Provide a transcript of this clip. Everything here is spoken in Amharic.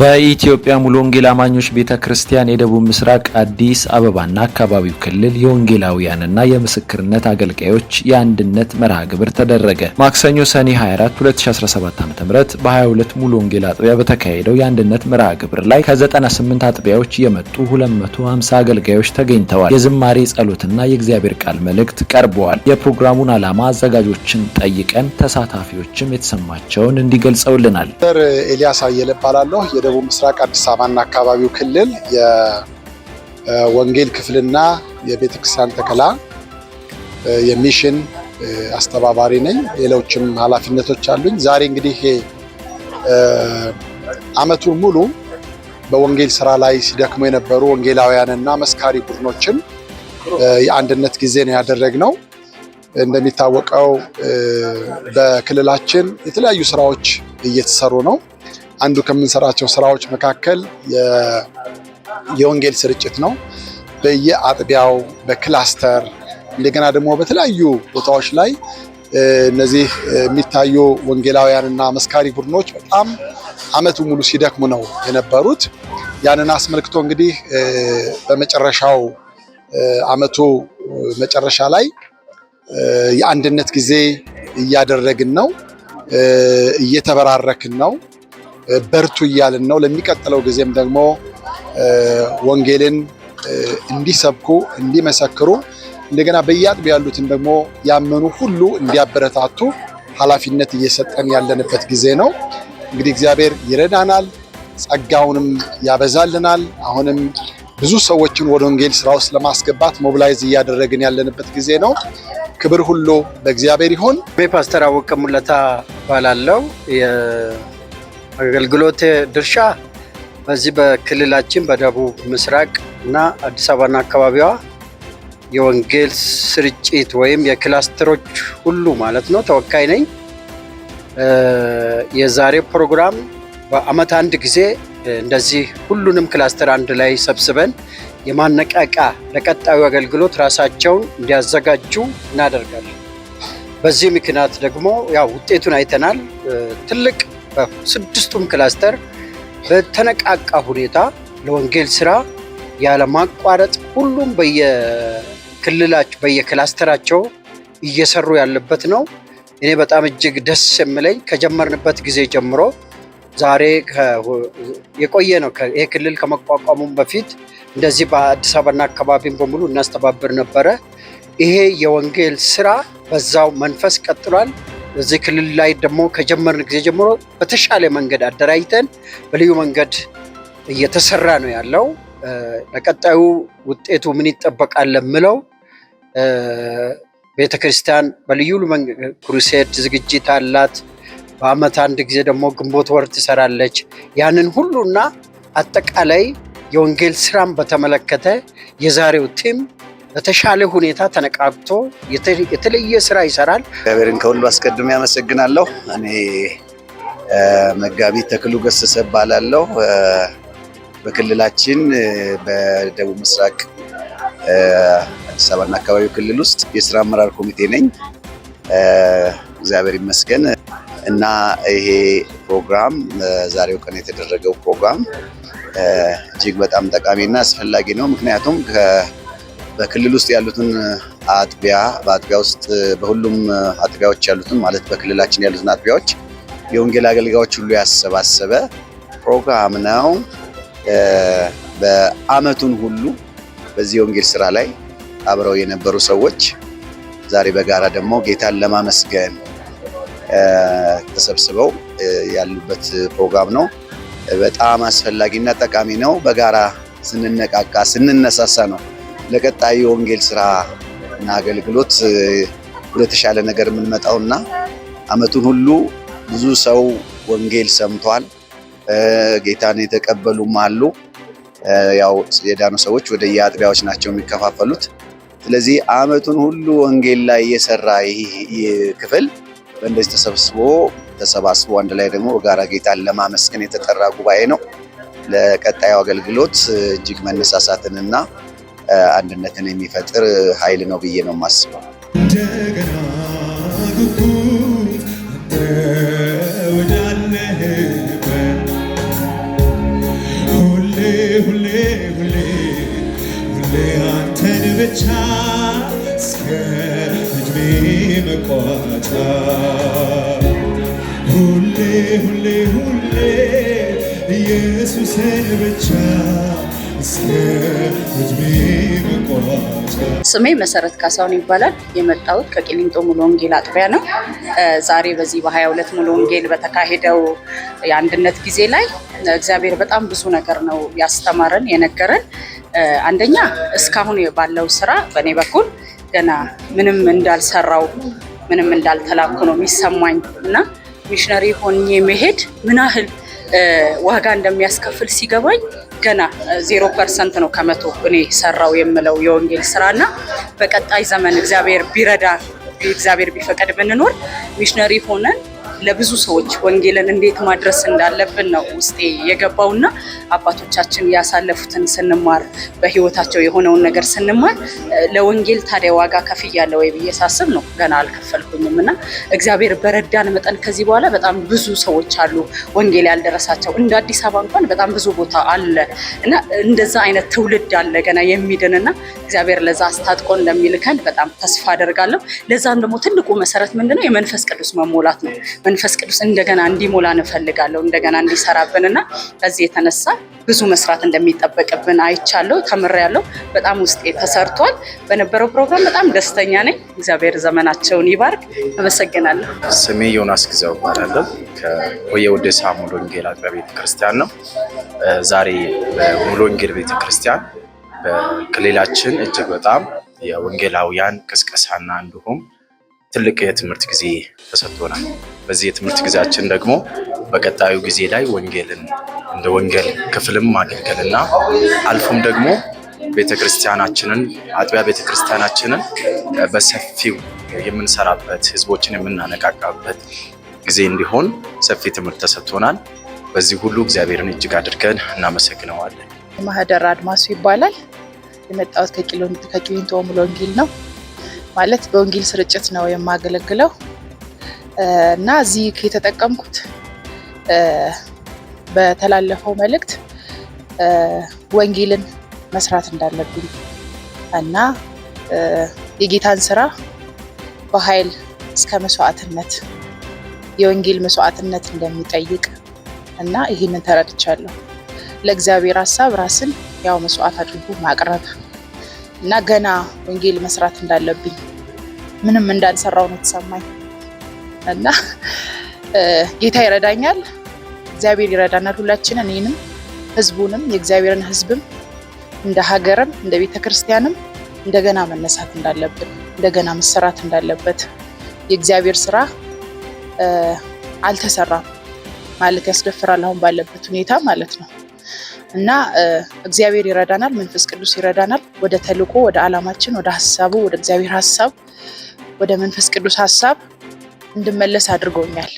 በኢትዮጵያ ሙሉ ወንጌል አማኞች ቤተ ክርስቲያን የደቡብ ምስራቅ አዲስ አበባና አካባቢው ክልል የወንጌላውያንና የምስክርነት አገልጋዮች የአንድነት መርሃ ግብር ተደረገ። ማክሰኞ ሰኔ 24 2017 ዓ.ም በ22 ሙሉ ወንጌል አጥቢያ በተካሄደው የአንድነት መርሃ ግብር ላይ ከ98 አጥቢያዎች የመጡ 250 አገልጋዮች ተገኝተዋል። የዝማሬ ጸሎትና የእግዚአብሔር ቃል መልእክት ቀርበዋል። የፕሮግራሙን ዓላማ አዘጋጆችን ጠይቀን ተሳታፊዎችም የተሰማቸውን እንዲገልጸውልናል። ኤልያስ አየለ እባላለሁ። በደቡብ ምስራቅ አዲስ አበባና አካባቢው ክልል የወንጌል ክፍልና የቤተክርስቲያን ተከላ የሚሽን አስተባባሪ ነኝ። ሌሎችም ኃላፊነቶች አሉኝ። ዛሬ እንግዲህ አመቱን ሙሉ በወንጌል ስራ ላይ ሲደክሙ የነበሩ ወንጌላውያንና መስካሪ ቡድኖችን የአንድነት ጊዜ ነው ያደረግነው። እንደሚታወቀው በክልላችን የተለያዩ ስራዎች እየተሰሩ ነው። አንዱ ከምንሰራቸው ስራዎች መካከል የወንጌል ስርጭት ነው። በየአጥቢያው በክላስተር እንደገና ደግሞ በተለያዩ ቦታዎች ላይ እነዚህ የሚታዩ ና መስካሪ ቡድኖች በጣም አመቱ ሙሉ ሲደክሙ ነው የነበሩት። ያንን አስመልክቶ እንግዲህ በመጨረሻው አመቱ መጨረሻ ላይ የአንድነት ጊዜ እያደረግን ነው፣ እየተበራረክን ነው። በርቱ እያልን ነው። ለሚቀጥለው ጊዜም ደግሞ ወንጌልን እንዲሰብኩ እንዲመሰክሩ፣ እንደገና በየአጥቢያው ያሉትን ደግሞ ያመኑ ሁሉ እንዲያበረታቱ ኃላፊነት እየሰጠን ያለንበት ጊዜ ነው። እንግዲህ እግዚአብሔር ይረዳናል፣ ጸጋውንም ያበዛልናል። አሁንም ብዙ ሰዎችን ወደ ወንጌል ስራ ውስጥ ለማስገባት ሞብላይዝ እያደረግን ያለንበት ጊዜ ነው። ክብር ሁሉ በእግዚአብሔር ይሁን። ፓስተር አወቀ ሙለታ እባላለሁ። አገልግሎት ድርሻ በዚህ በክልላችን በደቡብ ምስራቅ እና አዲስ አበባና አካባቢዋ የወንጌል ስርጭት ወይም የክላስተሮች ሁሉ ማለት ነው ተወካይ ነኝ። የዛሬ ፕሮግራም በአመት አንድ ጊዜ እንደዚህ ሁሉንም ክላስተር አንድ ላይ ሰብስበን የማነቃቃ ለቀጣዩ አገልግሎት ራሳቸውን እንዲያዘጋጁ እናደርጋለን። በዚህ ምክንያት ደግሞ ያው ውጤቱን አይተናል። ትልቅ ስድስቱም ክላስተር በተነቃቃ ሁኔታ ለወንጌል ስራ ያለማቋረጥ ሁሉም በየክልላቸው በየክላስተራቸው እየሰሩ ያለበት ነው። እኔ በጣም እጅግ ደስ የምለኝ ከጀመርንበት ጊዜ ጀምሮ ዛሬ የቆየ ነው። ይህ ክልል ከመቋቋሙም በፊት እንደዚህ በአዲስ አበባና አካባቢም በሙሉ እናስተባብር ነበረ። ይሄ የወንጌል ስራ በዛው መንፈስ ቀጥሏል። እዚህ ክልል ላይ ደግሞ ከጀመርን ጊዜ ጀምሮ በተሻለ መንገድ አደራጅተን በልዩ መንገድ እየተሰራ ነው ያለው። ለቀጣዩ ውጤቱ ምን ይጠበቃል ለምለው ቤተክርስቲያን በልዩ ክሩሴድ ዝግጅት አላት። በአመት አንድ ጊዜ ደግሞ ግንቦት ወር ትሰራለች። ያንን ሁሉና አጠቃላይ የወንጌል ስራን በተመለከተ የዛሬው ቲም በተሻለ ሁኔታ ተነቃብቶ የተለየ ስራ ይሰራል። እግዚአብሔርን ከሁሉ አስቀድሜ ያመሰግናለሁ። እኔ መጋቢ ተክሉ ገሰሰ እባላለሁ። በክልላችን በደቡብ ምስራቅ አዲስ አበባና አካባቢው ክልል ውስጥ የስራ አመራር ኮሚቴ ነኝ። እግዚአብሔር ይመስገን እና ይሄ ፕሮግራም ዛሬው ቀን የተደረገው ፕሮግራም እጅግ በጣም ጠቃሚ ና አስፈላጊ ነው። ምክንያቱም በክልል ውስጥ ያሉትን አጥቢያ በአጥቢያ ውስጥ በሁሉም አጥቢያዎች ያሉትን ማለት በክልላችን ያሉትን አጥቢያዎች የወንጌል አገልጋዮች ሁሉ ያሰባሰበ ፕሮግራም ነው። በአመቱን ሁሉ በዚህ የወንጌል ስራ ላይ አብረው የነበሩ ሰዎች ዛሬ በጋራ ደግሞ ጌታን ለማመስገን ተሰብስበው ያሉበት ፕሮግራም ነው። በጣም አስፈላጊና ጠቃሚ ነው። በጋራ ስንነቃቃ ስንነሳሳ ነው ለቀጣዩ የወንጌል ስራ እና አገልግሎት ወደተሻለ ነገር የምንመጣውና አመቱን ሁሉ ብዙ ሰው ወንጌል ሰምቷል፣ ጌታን የተቀበሉም አሉ። ያው የዳኑ ሰዎች ወደ የአጥቢያዎች ናቸው የሚከፋፈሉት። ስለዚህ አመቱን ሁሉ ወንጌል ላይ የሰራ ይህ ክፍል በእንደዚህ ተሰብስቦ ተሰባስቦ አንድ ላይ ደግሞ በጋራ ጌታን ለማመስገን የተጠራ ጉባኤ ነው። ለቀጣዩ አገልግሎት እጅግ መነሳሳትንና አንድነትን የሚፈጥር ኃይል ነው ብዬ ነው የማስበው። አንተን ብቻ እስከ እድሜ መቋጫ ሁሌ ሁሌ ሁሌ ኢየሱስን ብቻ ስሜ መሰረት ካሳሁን ይባላል። የመጣሁት ከቂሊንጦ ሙሉ ወንጌል አጥቢያ ነው። ዛሬ በዚህ በ22 ሙሉ ወንጌል በተካሄደው የአንድነት ጊዜ ላይ እግዚአብሔር በጣም ብዙ ነገር ነው ያስተማረን የነገረን። አንደኛ እስካሁን ባለው ስራ በእኔ በኩል ገና ምንም እንዳልሰራው ምንም እንዳልተላኩ ነው የሚሰማኝ እና ሚሽነሪ ሆኜ መሄድ ምን ያህል ዋጋ እንደሚያስከፍል ሲገባኝ ገና ዜሮ ፐርሰንት ነው ከመቶ እኔ ሰራው የምለው የወንጌል ስራና በቀጣይ ዘመን እግዚአብሔር ቢረዳ እግዚአብሔር ቢፈቀድ ብንኖር ሚሽነሪ ሆነን ለብዙ ሰዎች ወንጌልን እንዴት ማድረስ እንዳለብን ነው ውስጤ የገባውና አባቶቻችን ያሳለፉትን ስንማር በህይወታቸው የሆነውን ነገር ስንማር ለወንጌል ታዲያ ዋጋ ከፍያለሁ ወይ ብዬ ሳስብ ነው ገና አልከፈልኩኝም። እና እግዚአብሔር በረዳን መጠን ከዚህ በኋላ በጣም ብዙ ሰዎች አሉ ወንጌል ያልደረሳቸው እንደ አዲስ አበባ እንኳን በጣም ብዙ ቦታ አለ እና እንደዛ አይነት ትውልድ አለ ገና የሚድንና እግዚአብሔር ለዛ አስታጥቆ እንደሚልከን በጣም ተስፋ አደርጋለሁ። ለዛም ደግሞ ትልቁ መሰረት ምንድነው? የመንፈስ ቅዱስ መሞላት ነው። መንፈስ ቅዱስ እንደገና እንዲሞላን እፈልጋለሁ፣ እንደገና እንዲሰራብን እና ከዚህ የተነሳ ብዙ መስራት እንደሚጠበቅብን አይቻለሁ፣ ተምሬያለሁ። በጣም ውስጤ ተሰርቷል። በነበረው ፕሮግራም በጣም ደስተኛ ነኝ። እግዚአብሔር ዘመናቸውን ይባርክ። አመሰግናለሁ። ስሜ ዮናስ ጊዜው እባላለሁ። ከሆየ ውደሳ ሙሉ ወንጌል አጥቢያ ቤተክርስቲያን ነው። ዛሬ በሙሉ ወንጌል ቤተክርስቲያን በክልላችን እጅግ በጣም የወንጌላውያን ቅስቀሳና እንዲሁም ትልቅ የትምህርት ጊዜ ተሰጥቶናል። በዚህ የትምህርት ጊዜያችን ደግሞ በቀጣዩ ጊዜ ላይ ወንጌልን እንደ ወንጌል ክፍልም ማገልገልና አልፎም ደግሞ ቤተክርስቲያናችንን አጥቢያ ቤተክርስቲያናችንን በሰፊው የምንሰራበት ህዝቦችን የምናነቃቃበት ጊዜ እንዲሆን ሰፊ ትምህርት ተሰጥቶናል። በዚህ ሁሉ እግዚአብሔርን እጅግ አድርገን እናመሰግነዋለን። ማህደር አድማሱ ይባላል። የመጣሁት ከቂሊንጦ ሙሉ ወንጌል ነው። ማለት በወንጌል ስርጭት ነው የማገለግለው እና እዚህ የተጠቀምኩት በተላለፈው መልእክት ወንጌልን መስራት እንዳለብኝ እና የጌታን ስራ በኃይል እስከ መስዋዕትነት የወንጌል መስዋዕትነት እንደሚጠይቅ እና ይህንን ተረድቻለሁ። ለእግዚአብሔር ሀሳብ ራስን ያው መስዋዕት አድርጎ ማቅረብ እና ገና ወንጌል መስራት እንዳለብኝ ምንም እንዳልሰራው ነው የተሰማኝ። እና ጌታ ይረዳኛል፣ እግዚአብሔር ይረዳናል ሁላችንን፣ እኔንም፣ ህዝቡንም፣ የእግዚአብሔርን ህዝብም እንደ ሀገርም እንደ ቤተ ክርስቲያንም እንደገና መነሳት እንዳለብን እንደገና መሰራት እንዳለበት የእግዚአብሔር ስራ አልተሰራም ማለት ያስደፍራል አሁን ባለበት ሁኔታ ማለት ነው። እና እግዚአብሔር ይረዳናል፣ መንፈስ ቅዱስ ይረዳናል። ወደ ተልእኮ፣ ወደ አላማችን፣ ወደ ሀሳቡ፣ ወደ እግዚአብሔር ሀሳብ፣ ወደ መንፈስ ቅዱስ ሀሳብ እንድመለስ አድርጎኛል።